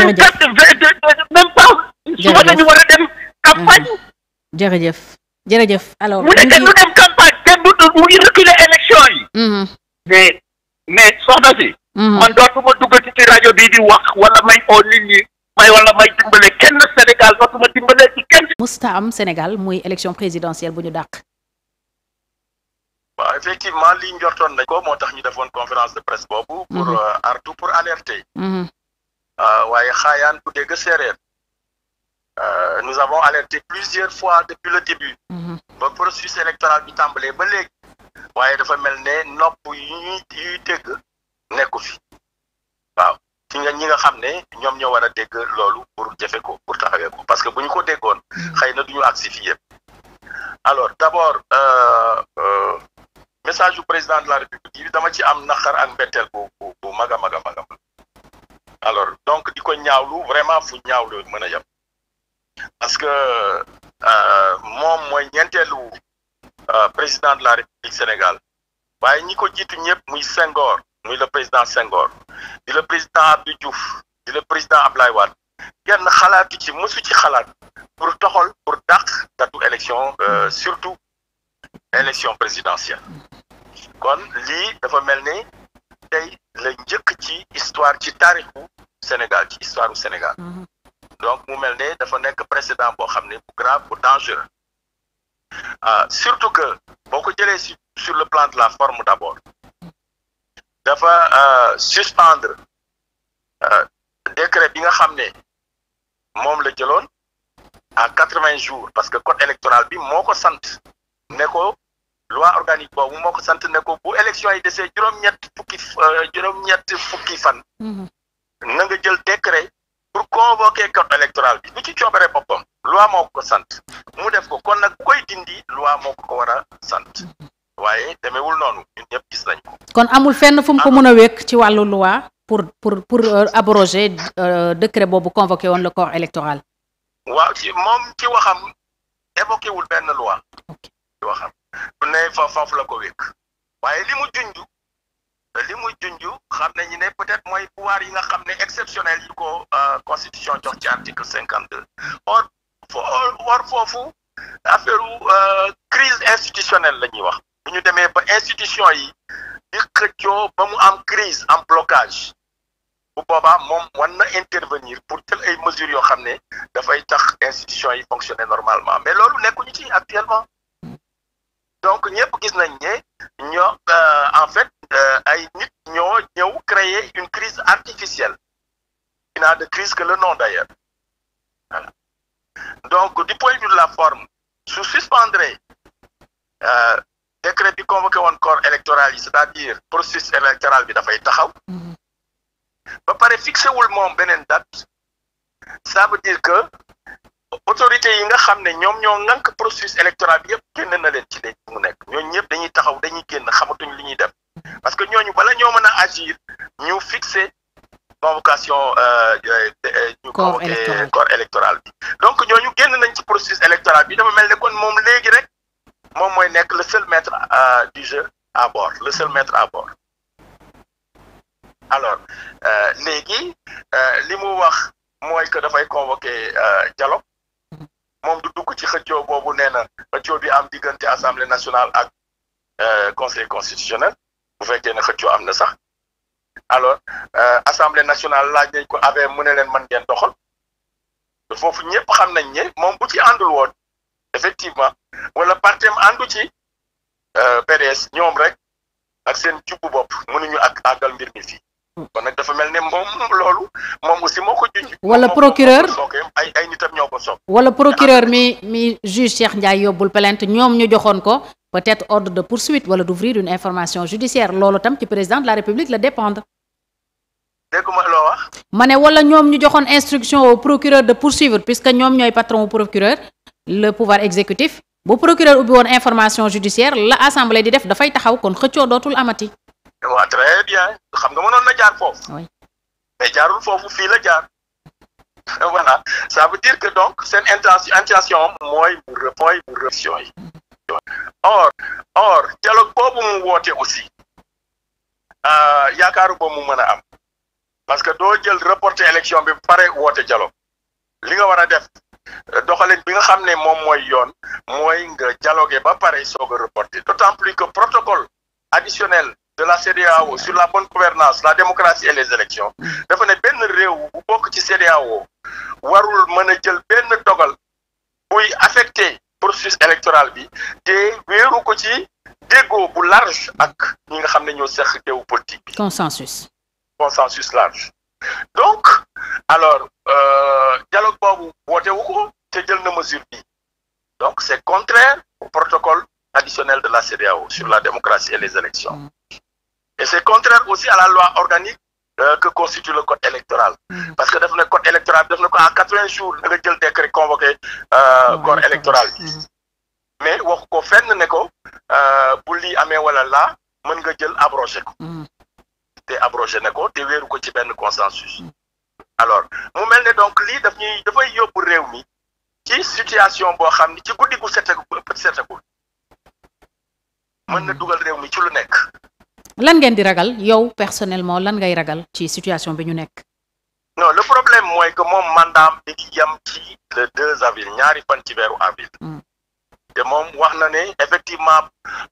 jërëjëf même pas suba la ñu a dem campagne. Ah, jërëjëf jërëjëf alors. mu ne kenn du dem campagne kenn du mu ngi reculer élection yi. Mhm. mais mais soxna si. Mhm. man dootuma duggati ci rajo bii di wax wala may oo nit ñi may wala may dimbale kenn Sénégal dootuma dimbale ci kenn. musta am Sénégal muy élection présidentielle bu ñu dàq. effectivement li njortoon nañ ko moo tax ñu defoon conférence de presse boobu. pour mhm. euh, artu pour alerter. Euh, waaye xaayaan ku dégg séeréer euh, nous avons alerté plusieurs fois depuis le début mhm. ba processus électoral bi tàmbalee ba léegi waaye dafa mel ne nopp yu ñuy yuy dégg nekku fi waaw ci nga ñi nga xam ne ñoom ñoo war a dégg loolu pour jafe ko pour taxawee parce que bu ñu ko déggoon mhm. xëy na du ñu agsi fi yëpp alors d'abord euh, message du président de la république yi dama ci am naqar ak mbetteel bu bu bu mag a mag a mag alors donc di ko ñaawlu vraiment fu ñaawlu mën a yem parce que euh, moom mooy ñeenteelu euh, président de la république Sénégal waaye ñi ko jiitu ñëpp muy Senghor muy le président Senghor di le président Abdou Diouf di le président Ablaye Wade kenn xalaatu ci mosu ci xalaat pour toxol pour dàq datu élection euh, surtout élection présidentielle kon lii dafa mel ni tey la njëkk ci histoire ci taarixu Sénégal ci histoire u Sénégal mhm. donc mu mel ne dafa nekk précédent boo xam ne bu grave bu dangereux ah surtout que boo ko jëlee si sur le plan de la forme d'abord dafa euh, suspendre euh, décret bi nga xam ne moom la jëloon à quatre-vingts jours parce que code électoral bi moo ko sant ne ko loi organique boobu moo ko sant ne ko bu yi desee juróom-ñett fukki euh, fukki fan mhm. na nga jël décret pour convoquer bi du ci coobare boppam loi moo ko sant mu def ko kon nag koy dindi loi moo ko ko war sant waaye demeewul noonu ñun ñëpp gis nañ ko kon amul fenn fu mu ko mën a wékk ci wàllu loi pour pour pour euh, abroger euh, décret boobu convoqué woon le corps électoral waaw ci moom ci waxam évoqué wul benn loi ci waxam du ne fa foofu la ko wékk waaye li mu junj li mu junj xam nañu ne peut-être mooy pouvoir yi nga xam ne exceptionnel yi ko euh, constitution jox ci article cinquante deux or or foofu affaire euh, crise institutionnelle la ñuy wax bu ñu demee ba institution yi di xëccoo ba mu am crise am blocage bu boobaa moom war na intervenir pour jël ay mesures yoo xam ne dafay tax institution yi fonctionner normalement mais loolu nekkuñu ci actuellement donc ñëpp gis nañ ne ñoo euh, en fait euh, ay nit ñoo ñëw créer une crise artificielle qui n'a de crise que le nom d'ailleurs donc du point de vue de la forme su suspendre euh, décret bi convoqué woon corps électoral yi c'est-à-dire processus électoral bi dafay taxaw mm-hmm. ba pare fixé wul moom beneen date ça veut dire que autorité yi nga xam ne ñoom ñoo ŋànk processus électoral bi yëpp génn na leen ci denc mu nekk ñooñu ñëpp dañuy taxaw dañuy génn xamatuñu li ñuy def parce que ñooñu bala ñoo mën a agir ñu fixé convocation euh, euh, euh, ñu convoqué corps électoral bi donc ñooñu génn nañ ci processus électoral bi dama mel ne kon moom léegi rek moom mooy nekk le seul maître du jeu à bord le seul maître à bord alors léegi li mu wax mooy que dafay convoqué dialogue moom du dugg ci xëccoo boobu nee na xëccoo bi am diggante assemblée nationale ak euh, conseil constitutionnel bu fekkee ne xëccoo am na sax alors euh, assemblée nationale laaj nañ ko abe mu ne leen mën ngeen doxal foofu ñëpp xam nañ ne moom bu ci àndul woon effectivement wala partem àndu ci euh, PDS ñoom rek ak seen jubbu bopp mënuñu ak àggal mbir mi fi kon nag moom loolu wala procureur ay ay mi mi juge Cheikh Ndiaye yóbbul plainte ñoom ñu joxoon ko peut-être ordre de poursuite wala d'ouvrir une information judiciaire loolu tam ci président de la République la dépendre. dégg ma ne wala ñoom ñu joxoon instruction au procureur de poursuivre puisque ñoom ñooy patron au procureur le pouvoir exécutif bu procureur ubbi woon information judiciaire la assemblée di def dafay taxaw kon xëccoo dootul amati. waaw très bien xam nga mënoon na jaar foofu. mais jaarul foofu fii la jaar. voilà ça veut dire que donc seen intention intention mooy mooy révision yi. or or dialogue boobu mu woote aussi euh, yaakaaru boobu mu mën a am parce que doo jël reporter élection bi pare woote dialogue li nga war a def doxalin bi nga xam ne moom mooy yoon mooy nga dialogué ba pare soog a reporter d' autant plus que protocole additionnel. de la CEDEAO sur la bonne gouvernance la démocratie et les élections dafa ne benn réew bu bokk ci CEDEAO warul mën a jël benn dogal buy affecté processus électoral bi te wéeru ko ci déggoo bu large ak ñi nga xam ne ñoo seq déewu politique bi consensus consensus large donc alors euh, dialogue boobu wootewu ko te jël na mesure bi donc c'est contraire au protocole additionnel de la CEDEAO sur la démocratie et les élections mm. et c'est contraire aussi à la loi organique euh, que constitue le code électoral. Mm-hmm. parce que def na code électoral def na ko en quatre-vingts jours da nga jël décret convoqué euh, ah, corps électoral mm-hmm. mais waxu ko fenn ne ko euh, bu lii amee wala la mën nga jël abrogé ko mm-hmm. te abrogé ne ko te wéeru ko ci benn consensus alors mu mel ne donc lii daf ñuy dafay yóbbu réew mi ci situation boo xam ni ci guddi gu sete gu ëpp setekul mën na dugal réew mi ci lu nekk lan ngeen di ragal yow personnellement lan ngay ragal ci situation bi ñu nekk. non le problème mooy que moom mandaam bi ngi yem ci le avril ñaari fan ci weeru avril. Hmm. te moom wax na ne effectivement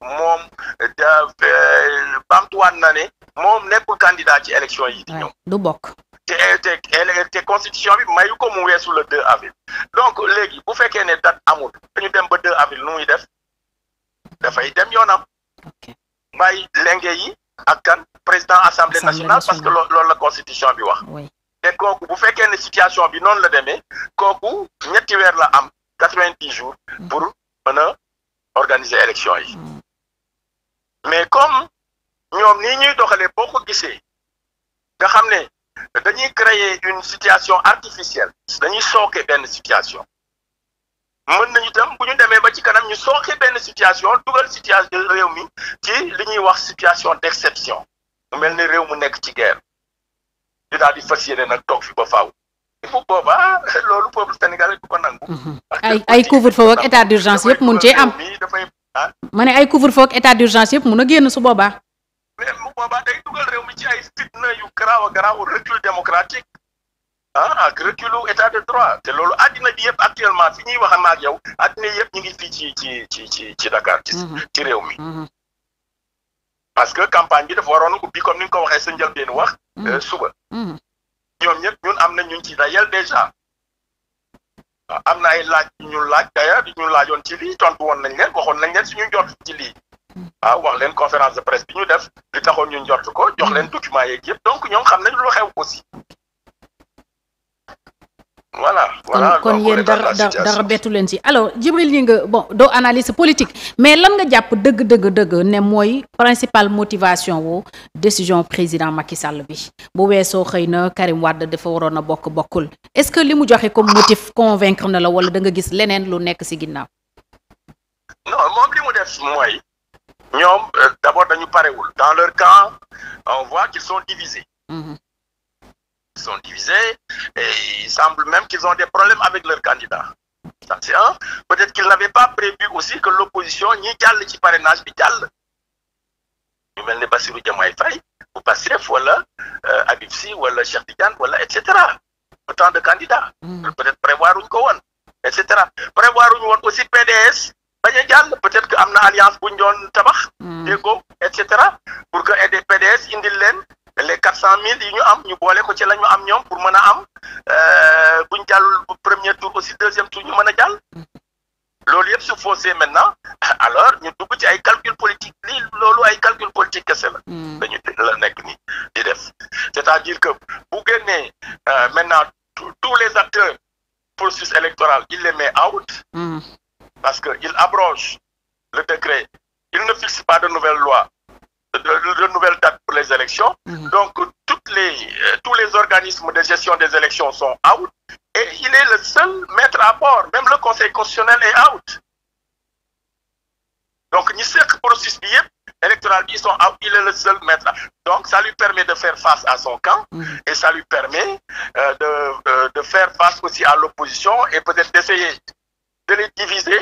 moom euh, bamtuwaat na ne moom nekkul candidat ci élection yi di ñëw. du bokk. te te te constitution bi mayu ko mu weesu le deux avril donc léegi bu fekkee ne date amul dañu dem ba deux avril nu muy def dafay dem yoonam. ok bàyyi lenge yi ak kan président assemblée nationale parce que loolu la constitution bi wax te kooku bu fekkee ne situation bi noonu la demee kooku ñetti weer la am quatre-vingt-dix jours mm. pour mën a organiser élection yi mm. mais comme ñoom nii ñuy doxalee boo ko gisee nga xam ne dañuy créer une situation artificielle dañuy sooke benn situation mën nañu tam bu ñu demee ba ci kanam ñu soo benn situation dugal situation réew mi ci li ñuy wax situation d'exception mu mel ni réew mu nekk ci guerre di daal di fas yéene nag toog fi ba faaw loolu peuple sénégalais du ko nangu. Mhm. ay ay couvre-feu ak état d'urgence yëpp mun cee am ah. ma ne ay couvre-feu ak état d'urgence yëpp mun a génn su boobaa. mais bu boobaa day dugal réew mi ci ay fitna yu garaaw a garaaw recul démocratique. ah ak reculu état de droit te loolu àddina bi yëpp actuellement fi ñuy wax ma ak yow àddina yëpp ñu ngi fii ci ci ci ci ci mhm. ci réew mi. Mhm. parce que campagne bi dafa waroon ubbi comme ni nga ko waxee sa njëlbeen wax. Mhm. Euh, suba. ñoom ñëpp ñun am na ñun ci dayal déjà. Ah, am na ay laaj yu ñu laaj daya yu ñu laajoon ci lii tontu woon nañ leen waxoon nañ leen ñu jot ci lii. waaw ah, wax leen conférence de presse bi ñu def li taxoon ñu njort ko jox leen documents yeeg yëpp donc ñoom xam nañ lu xew aussi. voilà voilà kon yéen dara dara bettu leen si alors Djibril yi nga bon doo analyse politique mais lan nga jàpp dëgg dëgg dëgg ne mooy principale motivation wu décision président Macky Sall bi bu weesoo xëy na Karim Wade dafa waroon a bokk bokkul est-ce que li mu joxe comme motif convaincre na la wala danga gis leneen lu nekk si ginnaaw. non moom li def mooy ñoom euh, d'abord dañu parewul dans leur camp on voit qu'ils sont divisés. sont divisés et semble même qu'ils ont des problèmes avec leurs candidats. Ça, c'est un. Peut-être qu'ils n'avaient pas prévu aussi que l'opposition ñi jàll ci parrainage bi jàll. ñu mel ne Bassirou Diomaye Faye bu Pastef wala euh, Habib Sy wala Cheikh Tidiane wala et cetera autant de candidats. Mm. peut-être prévoir uñ ko woon et cetera prévoir uñ woon aussi PDS. bañ a jàll peut-être que am na alliance bu ñu doon tabax. Mm. déggoo et cetera pour que PDS indil leen. les quatre cent mille yi ñu am ñu boole ko ci la ñu am ñoom pour mën a am euh, buñ jàllul premier tour aussi deuxième tour ñu mën a jàll loolu yëpp su faussé maintenant alors ñu dugg ci ay calcul politique lii loolu ay calcul politique kese la hmm. dañu la nekk ni di def c'est-à-dire que bu génnee euh, maintenant tous les acteurs processus électoral il les met out hmm. parce que il abroge le décret il ne fixe pas de nouvelles lois de, de, les élections. Mhm. Donc, toutes les, euh, tous les organismes de gestion des élections sont out et il est le seul maître à bord. Même le Conseil constitutionnel est out. Donc, ni processus électoral, ils sont out, il est le seul maître. Donc, ça lui permet de faire face à son camp mmh. et ça lui permet euh, euh, de faire face aussi à l'opposition et peut-être d'essayer de les diviser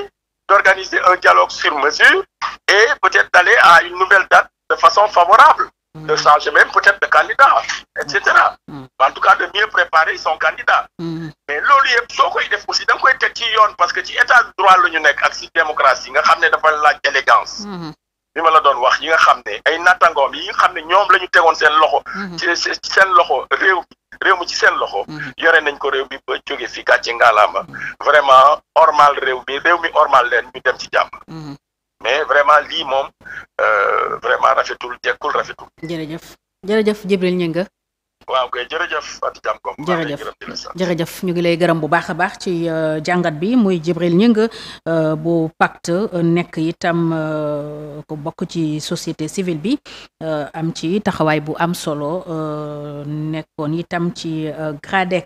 d'organiser un dialogue sur mesure et peut-être d'aller à une nouvelle date de façon favorable. le changer même peut-être de candidat, etc. Mm. Mm. en tout cas de mieux préparer son candidat. Mm. mais loolu yëpp soo koy def aussi da koy teg ci yoon parce que ci état de droit la ñu nekk ak ci démocratie nga xam ne dafa laaj élégance. Mm-hmm. bi ma la doon wax yi nga xam ne ay nattangoom yi nga xam ne ñoom la ñu tegoon seen loxo. Mm-hmm. ci seen loxo réew mi réew mi ci seen loxo. Mm-hmm. yore nañ ko réew mi ba jóge fii gàcce ngalaama vraiment ormal réew mi réew mi ormal leen ñu dem ci jàmm. mais vraiment lii moom euh, vraiment rafetul jekkul rafetul. jërëjëf jërëjëf Djibril Gningue. waaw kay jërëjëf Fatou Thiam Ngom. jërëjëf ñu ngi lay gërëm bu baax a baax ci euh, jàngat bi muy Djibril Gningue euh, bu pacte nekk itam ku bokk ci société civile bi am ci taxawaay bu am solo nekkoon itam ci GRADEC.